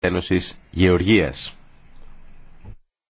της Γεωργίας.